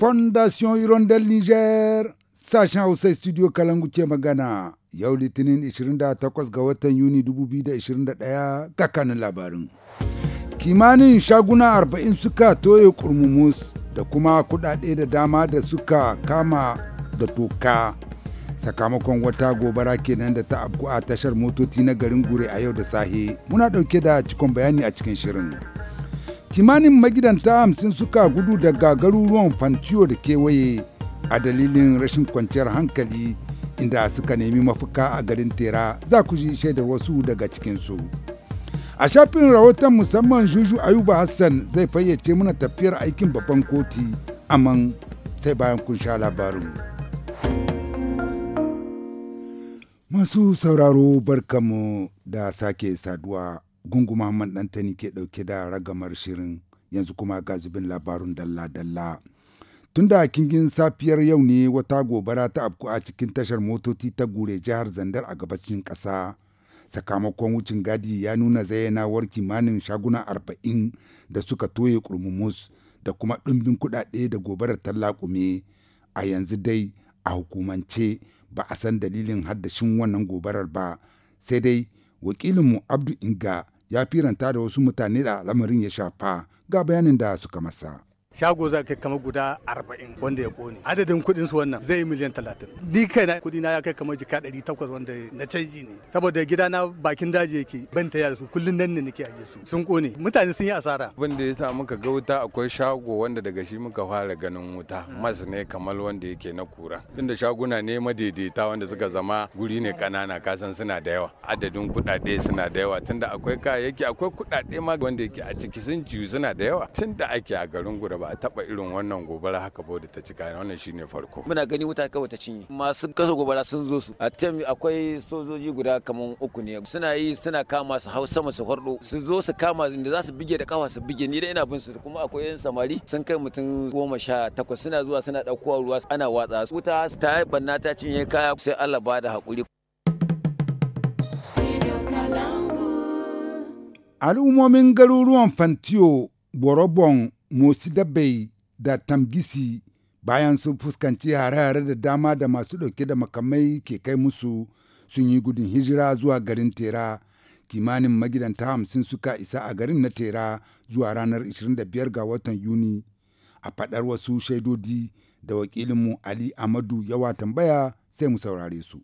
Fondation Hirondelle Niger sashen Hausa Studio Kalangu ke magana yau Litinin 28 ga watan Yuni 2021 ga kanin labarin. Kimanin shaguna 40 suka toye kurmumus da kuma kudade da dama da suka kama da toka sakamakon wata gobara kenan da ta afku a tashar motoci na garin gure a yau da sahe muna dauke da cikon bayani a cikin shirin. kimanin magidanta hamsin suka gudu daga garuruwan fantiyo da kewaye a dalilin rashin kwanciyar hankali inda suka nemi mafuka a garin tera za ku ji shaidar wasu daga cikinsu a shafin rahoton musamman juju ayuba hassan zai fayyace mana tafiyar aikin babban koti aman sai bayan kun sha labarin masu sauraro barkamu da sake saduwa gunguma man ɗantani ke ɗauke da ragamar shirin yanzu kuma ga zubin labarun dalla-dalla. Tun da kingin safiyar yau ne wata gobara ta afku a cikin tashar motoci ta gure jihar Zandar a gabashin ƙasa. Sakamakon wucin gadi ya nuna zayyanawar kimanin shaguna arba'in da suka toye kurmumus da kuma ɗumbin kuɗaɗe da gobarar tallaƙume. A yanzu dai a hukumance ba a san dalilin haddashin wannan gobarar ba sai dai wakilinmu abdu inga ya firanta da wasu mutane da al'amarin ya shafa ga bayanin da suka masa shago za kai kamar guda arba'in wanda ya kone adadin kuɗin su wannan zai miliyan talatin ni kai na kuɗi na ya kai kamar jika ɗari wanda na canji ne saboda gida na bakin daji yake ban ta su kullun nan ne nake aje su sun kone mutane sun yi asara abin da ya sa muka ga wuta akwai shago wanda daga shi muka fara ganin wuta mas ne kamar wanda yake na kura tunda shaguna ne madaidaita wanda suka zama guri ne kanana kasan suna da yawa adadin kuɗaɗe suna da yawa tunda akwai kayayyaki akwai kuɗaɗe ma wanda yake a ciki sun ciyu suna da yawa tunda ake a garin gura ba a taba irin wannan gobara haka ba da ta ci kayan wannan shine farko muna gani wuta kawai ta cinye masu kasa gobara sun zo su a tem akwai sojoji guda kaman uku ne suna yi suna kama su hau sama su hordo su zo su kama inda za su bige da kafa su bige ni da ina bin su kuma akwai yan samari sun kai mutum goma sha takwas suna zuwa suna ɗaukowa ruwa ana watsa su wuta ta banna ta cinye kaya sai Allah ba da haƙuri al'ummomin garuruwan fantiyo borobon motsi dabbai da tamgisi bayan sun fuskanci hare-hare da dama da masu ɗauke da makamai ke kai musu sun yi gudun hijira zuwa garin tera kimanin magidanta hamsin suka isa a garin na tera zuwa ranar 25 ga watan yuni a faɗar wasu shaidodi da wakilinmu ali amadu yawa tambaya sai mu saurare su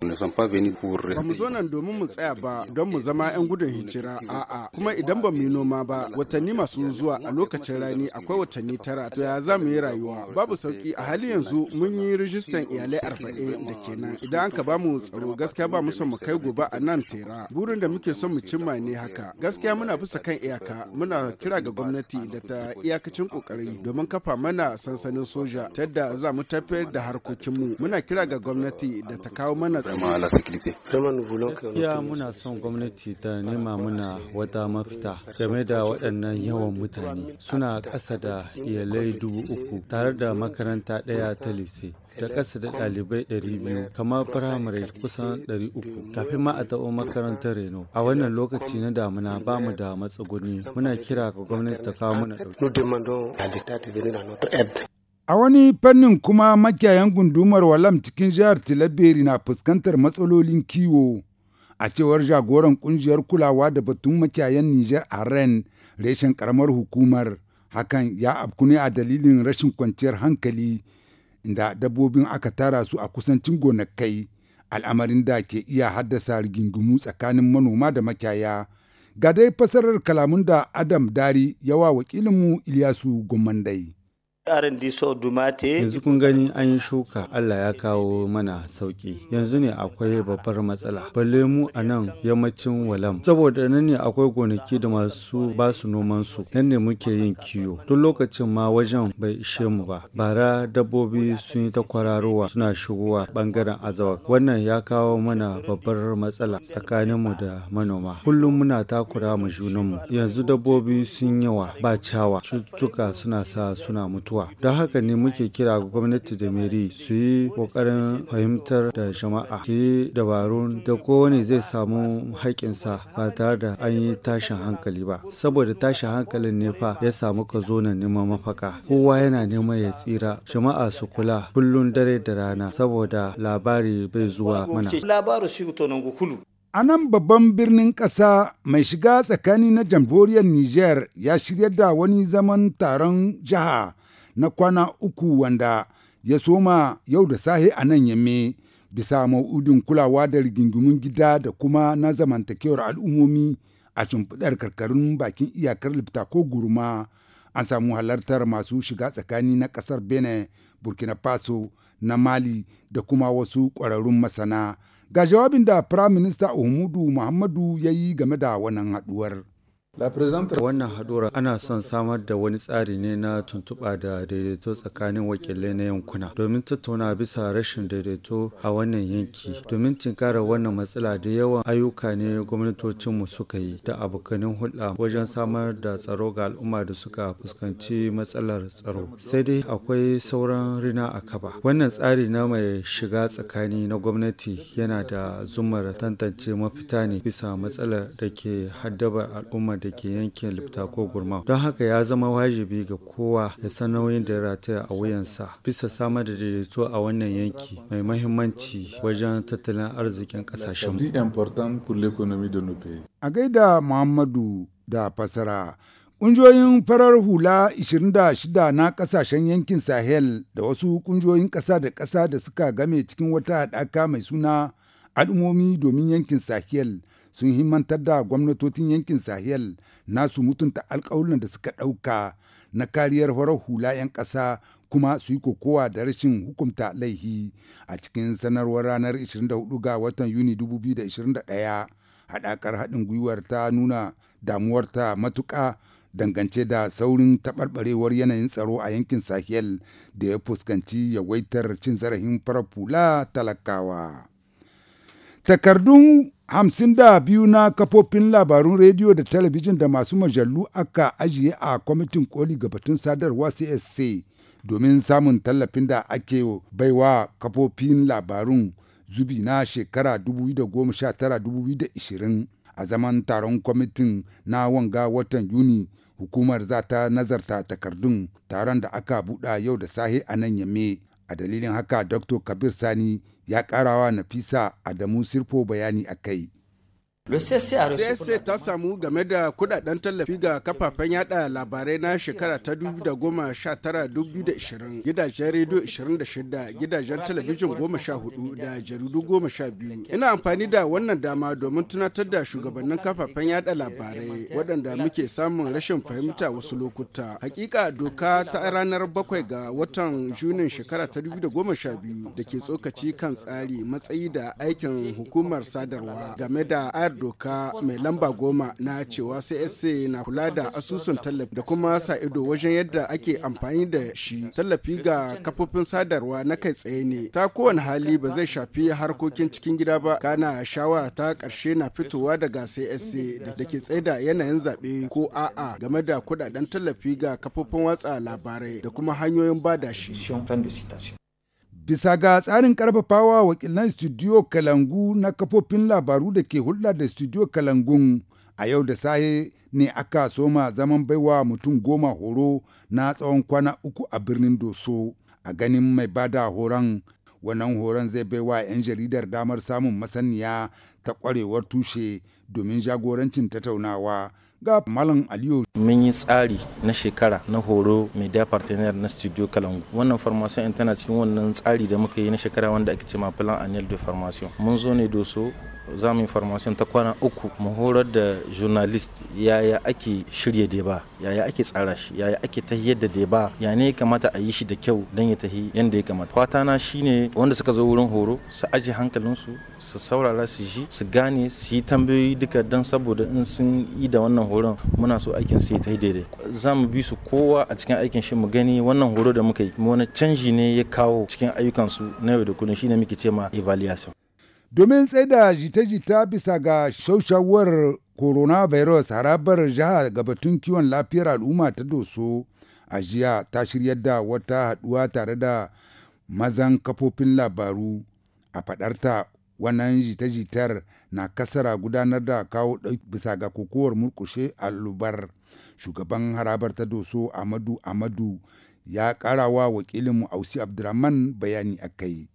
Ba mu zo nan domin mu tsaya ba don mu zama 'yan gudun hijira a'a kuma idan ba mu yi noma ba watanni masu zuwa a lokacin rani akwai watanni tara to ya za mu yi rayuwa babu sauki a hali yanzu mun yi rijistan iyalai arba'in da kenan idan an ka ba mu tsaro gaskiya ba mu son mu kai gobe a nan tera burin da muke son mu cimma ne haka gaskiya muna bisa kan iyaka muna kira ga gwamnati da ta iyakacin kokari domin kafa mana sansanin soja ta yadda za mu tafiyar da harkokinmu muna kira ga gwamnati da ta kawo mana Gaskiya muna son gwamnati ta nema muna wata mafita game da waɗannan yawan mutane suna ƙasa da iyalai dubu uku tare da makaranta ɗaya ta lise da ƙasa da ɗalibai 200 kamar firamare kusan 300 kafin ma a taɓo makarantar reno a wannan lokaci na damuna ba mu da matsuguni muna kira ga gwamnati ta kawo mana ɗauki. A wani fannin kuma makiyayan gundumar Walam cikin jihar Tilaberi na fuskantar matsalolin kiwo. A cewar jagoran kungiyar kulawa da batun makiyayan Nijar a Ren, reshen karamar hukumar, hakan ya afku ne a dalilin rashin kwanciyar hankali da dabbobin aka tara su a kusancin gonakai, al'amarin da ke iya haddasa rigingimu tsakanin manoma da makiyaya. Ga dai fasarar kalamun da Adam Dari yawa wakilinmu Ilyasu Gumandai. yanzu kun gani an yi shuka allah ya kawo mana sauki yanzu ne akwai babbar matsala balle mu a nan yammacin walam saboda nan ne akwai gonaki da masu basu su noman su nan ne muke yin kiyo duk lokacin ma wajen bai ishe mu ba bara dabbobi sun yi ta kwararowa suna shigowa bangaren azawa wannan ya kawo mana babbar matsala tsakanin mu da manoma kullum muna takura mu mu yanzu dabbobi sun yawa ba cawa cututtuka suna sa suna mutuwa abubuwa don haka ne muke kira gwamnati da meri su yi kokarin fahimtar da jama'a su yi dabarun da kowane zai samu haƙƙinsa ba tare da an yi tashin hankali ba saboda tashin hankalin ne fa ya samu ka zo na neman mafaka kowa yana neman ya tsira jama'a su kula kullum dare da rana saboda labari bai zuwa mana A nan babban birnin ƙasa mai shiga tsakani na jamhuriyar Nijar ya shirya da wani zaman taron jiha na kwana uku wanda ya soma yau da sahe a nan yamme bisa ma'udin kulawa da rigingimun gida da kuma na zamantakewar al'ummomi a shimfiɗar karkarun bakin iyakar lifta ko gurma an samu halartar masu shiga tsakani na ƙasar bene burkina faso na mali da kuma wasu ƙwararrun masana ga jawabin da firaminista Umudu Muhammadu ya yi game da wannan haɗuwar. Wannan haɗura ana son samar da wani tsari ne na tuntuɓa da daidaito tsakanin wakilai na yankuna domin tattauna bisa rashin daidaito a wannan yanki. Domin tinkarar wannan matsala da yawan ayyuka ne gwamnatocinmu suka yi da abokanin hulɗa wajen samar da tsaro ga al'umma da suka fuskanci matsalar tsaro. Sai dai akwai sauran rina a kaba. Wannan tsari na mai shiga tsakani na gwamnati yana da zumar tantance mafita ne bisa matsalar da ke haddaba al'umma da da ke yankin lipta ko gurma don haka ya zama wajibi ga kowa ya san nauyin da ya rataya a wuyansa bisa samar da daidaito a wannan yanki mai mahimmanci wajen tattalin arzikin kasashen a gaida muhammadu da fasara Ƙungiyoyin farar hula 26 na kasashen yankin Sahel da wasu ƙungiyoyin ƙasa da ƙasa da suka game cikin wata haɗaka mai suna al'ummomi domin yankin Sahel sun himmantar da gwamnatocin yankin sahel nasu mutunta alkawulan da suka ɗauka na kariyar farar hula 'yan ƙasa kuma su yi kokowa da rashin hukunta laihi a cikin sanarwar ranar 24 ga watan yuni 2021 haɗakar haɗin gwiwar ta nuna damuwarta matuƙa dangance da saurin taɓarɓarewar yanayin tsaro a yankin sahel da ya fuskanci yawaitar cin zarafin farar hula talakawa takardun hamsin da biyu na kafofin labarun rediyo da talabijin da masu majallu aka ajiye a kwamitin koli gabatun sadarwa csc domin samun tallafin da ake baiwa kafofin labarun zubi na shekara 2019-2020 a zaman taron kwamitin na wanga watan yuni hukumar za ta nazarta takardun taron da aka buɗa yau da sahe a nan yame a dalilin haka dr kabir sani ya ƙarawa Nafisa Adamu Sirfo bayani a kai. CSC ta samu game da kudaden tallafi ga kafafen yada labarai na shekara ta 2019-2020 gidajen rediyo 26 gidajen talabijin 14 da jaridu 12. Ina amfani da wannan dama domin tunatar da shugabannin kafafen yada labarai waɗanda muke samun rashin fahimta wasu lokuta. Hakika doka ta ranar bakwai ga watan Junin shekara ta 2012 da ke tsokaci kan tsari matsayi da aikin hukumar sadarwa game da ayar doka mai lamba goma na cewa CSA na kula da asusun tallafi da kuma sa ido wajen yadda ake amfani da shi tallafi ga kafofin sadarwa na kai tsaye ne ta kowane hali ba zai shafi harkokin cikin gida ba kana shawara ta karshe na fitowa daga CSA da ke tsaye da yanayin zaɓe ko a'a game da kudaden tallafi ga kafofin watsa labarai da kuma hanyoyin bada shi. bisa ga tsarin karfafawa wakilan studio kalangu na kafofin labaru da ke hulɗa da studio kalangun a yau da sahe ne aka soma zaman baiwa mutum goma horo na tsawon kwana uku a birnin doso a ganin mai bada horon wannan horon zai baiwa 'yan jaridar damar samun masaniya ta kwarewar tushe domin jagorancin tattaunawa ga malam aliyu mun yi tsari na shekara na horo media partner na studio kalangu wannan formation internet cikin wannan tsari da muka yi na shekara wanda ake ce ma plan annual de formation mun zo ne doso za mu information ta kwana uku mu horar da journalist yaya ake shirya da deba yaya ake tsara shi yaya ake yadda da ba ya ne ya kamata a yi shi da kyau dan ya tahi yadda ya kamata fata na shine wanda suka zo wurin horo su aje hankalinsu su saurara su ji su gane su yi tambayoyi duka don saboda in sun yi da wannan horon muna so aikin su yi ta daidai za mu bi su kowa a cikin aikin shi mu gani wannan horo da muka yi wani canji ne ya kawo cikin ayyukan su na yau da kullum shine muke ce ma evaluation domin da jita-jita bisa ga shaushawar coronavirus harabar jiha gabatun kiwon lafiyar al'umma ta doso a jiya ta shirya da wata haduwa tare da mazan kafofin labaru a faɗarta wannan jita-jitar na kasara gudanar da kawo bisa ga kokowar murkushe lubar shugaban harabar ta doso amadu amadu ya karawa wakilinmu ausi abdurrahman bayani akai.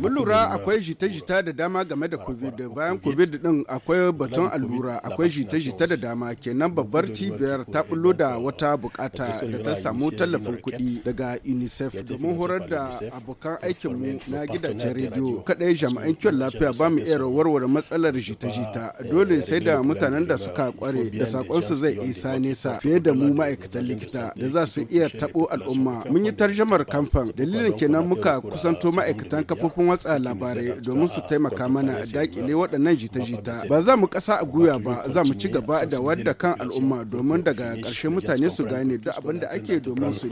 Mun lura akwai jita-jita da dama game da COVID bayan COVID din akwai baton allura akwai jita-jita da dama kenan babbar cibiyar ta bullo da wata bukata da ta samu tallafin kuɗi daga UNICEF domin horar da abokan aikinmu na gidajen rediyo kadai jami'an kiwon lafiya ba mu iya warware matsalar jita-jita dole sai da mutanen da suka kware da sakonsu zai isa nesa fiye da mu ma'aikatan likita da za su iya tabo al'umma mun yi tarjamar kamfan dalilin kenan muka kusa kusanto ma'aikatan kafofin watsa labarai domin su taimaka mana a dakile waɗannan jita-jita ba za mu kasa a guya ba za mu ci gaba da wadda kan al'umma domin daga ƙarshe mutane su gane duk abin da ake domin su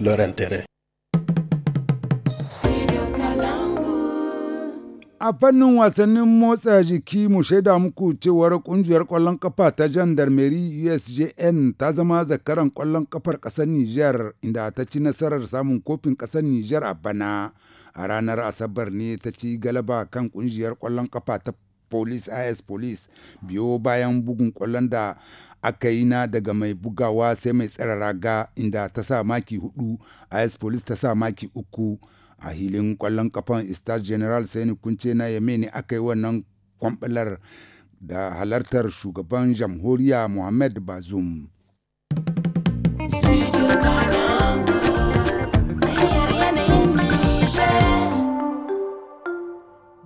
ne A fannin wasannin motsa jiki mu shaida muku cewar kungiyar kwallon kafa ta jandarmeri USJN ta zama zakaran kwallon kafar ƙasar niger inda ta ci nasarar samun kofin ƙasar niger a bana. A ranar Asabar ne ta ci galaba kan kungiyar kwallon kafa ta Police IS Police biyo bayan bugun kwallon da aka yi na daga mai bugawa sai mai tsara raga inda ta sa maki hudu IS Police ta sa maki uku. a hilin kwallon kafan star general saini kunce na yame ne aka yi wannan kwambalar da halartar shugaban jamhuriya muhammad bazum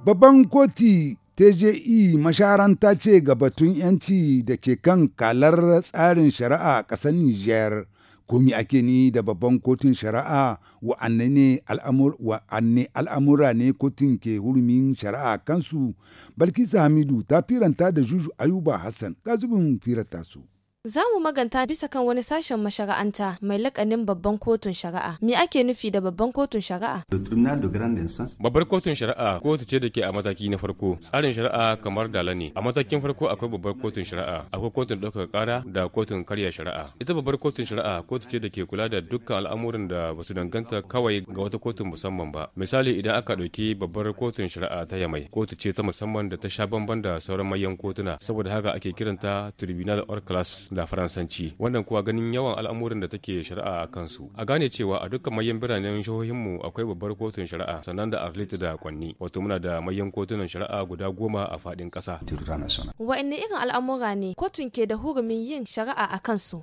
babban koti TJE masharanta ce ga batun 'yanci da ke kan kalar tsarin shari'a a ƙasar niger. komi ake ni da babban kotun shari'a wa'anne al'amura ne kotun ke hurumin shari'a kansu balkisa hamidu ta firanta da juju ayuba hassan gazubin firanta su. Za mu maganta bisa kan wani sashen mashara'anta mai lakanin babban kotun shari'a. Me ake nufi da babban kotun shari'a? Babbar kotun shari'a kotu ce da ke a mataki na farko. Tsarin shari'a kamar dala ne. A matakin farko akwai babbar kotun shari'a, akwai kotun ɗaukar ƙara da kotun karya shari'a. Ita babbar kotun shari'a kotu ce da ke kula da dukkan al'amuran da ba su danganta kawai ga wata kotun musamman ba. Misali idan aka ɗauki babbar kotun shari'a ta Yamai, kotu ce ta musamman da ta sha bamban da sauran manyan kotuna, saboda haka ake kiranta Tribunal or Class da faransanci wannan kuwa ganin yawan al'amuran da take shari'a a kansu a gane cewa a dukkan mayan biranen jihohinmu akwai babbar kotun shari'a sannan da arlit da kwanni wato muna da mayan kotunan shari'a guda goma a faɗin kasa wa'anne irin al'amura ne kotun ke da hurumin yin shari'a a kansu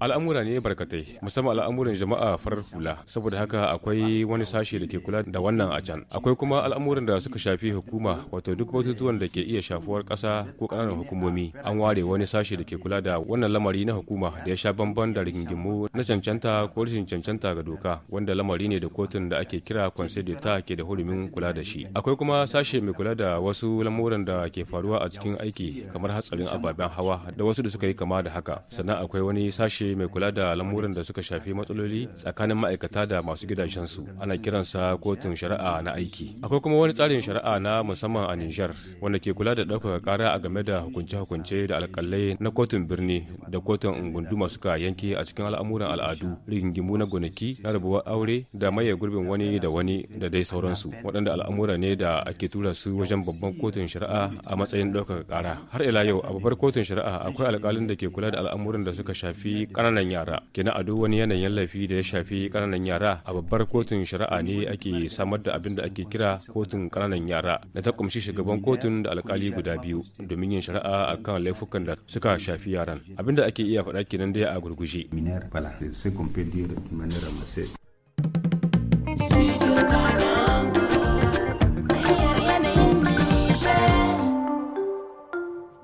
al'amura ne barkatai musamman al'amuran jama'a farar hula saboda haka akwai wani sashe da ke kula da wannan a can akwai kuma al'amuran da suka shafi hukuma wato duk batutu batutuwan da ke iya shafuwar kasa ko ƙananan hukumomi an ware wani sashe da ke kula da wannan lamari na hukuma da ya sha bamban da rigingimu na cancanta ko rashin cancanta ga doka wanda lamari ne da kotun da ake kira conseil d'etat ke da hurumin kula da shi akwai kuma sashe mai kula da wasu lamuran da ke faruwa a cikin aiki kamar hatsarin ababen hawa da wasu da suka yi kama da haka sannan akwai wani sashe mai kula da lamuran da suka shafi matsaloli tsakanin ma'aikata da masu gidajensu ana kiransa kotun shari'a na aiki akwai kuma wani tsarin shari'a na musamman a Nijar wanda ke kula da ɗaukaka ƙara a game da hukunce-hukunce da alƙalai na kotun birni da kotun gunduma suka yanke a cikin al'amuran al'adu rigingimu na gonaki na rabuwar aure da maye gurbin wani da wani da dai sauransu waɗanda al'amura ne da ake tura su wajen babban kotun shari'a a matsayin ɗaukaka ƙara har ila yau a babbar kotun shari'a akwai alƙalin da ke kula da al'amuran da suka shafi ƙananan yara kenan a duk wani yanayin laifi da ya shafi ƙananan yara a babbar kotun shari'a ne ake samar da abin da ake kira kotun ƙananan yara da ta kumshi shugaban kotun kotun da alkali guda biyu domin yin shari'a a kan laifukan da suka shafi yaran abinda ake iya faɗa kenan dai a gurguje.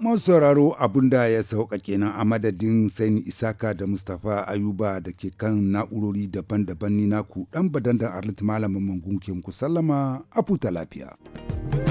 mun sauraro abun da ya sauka kenan a madadin saini isaka da mustapha ayuba da ke kan na'urori daban-daban ni naku dan badandan arlit malamin mangun ke muku sallama a lafiya.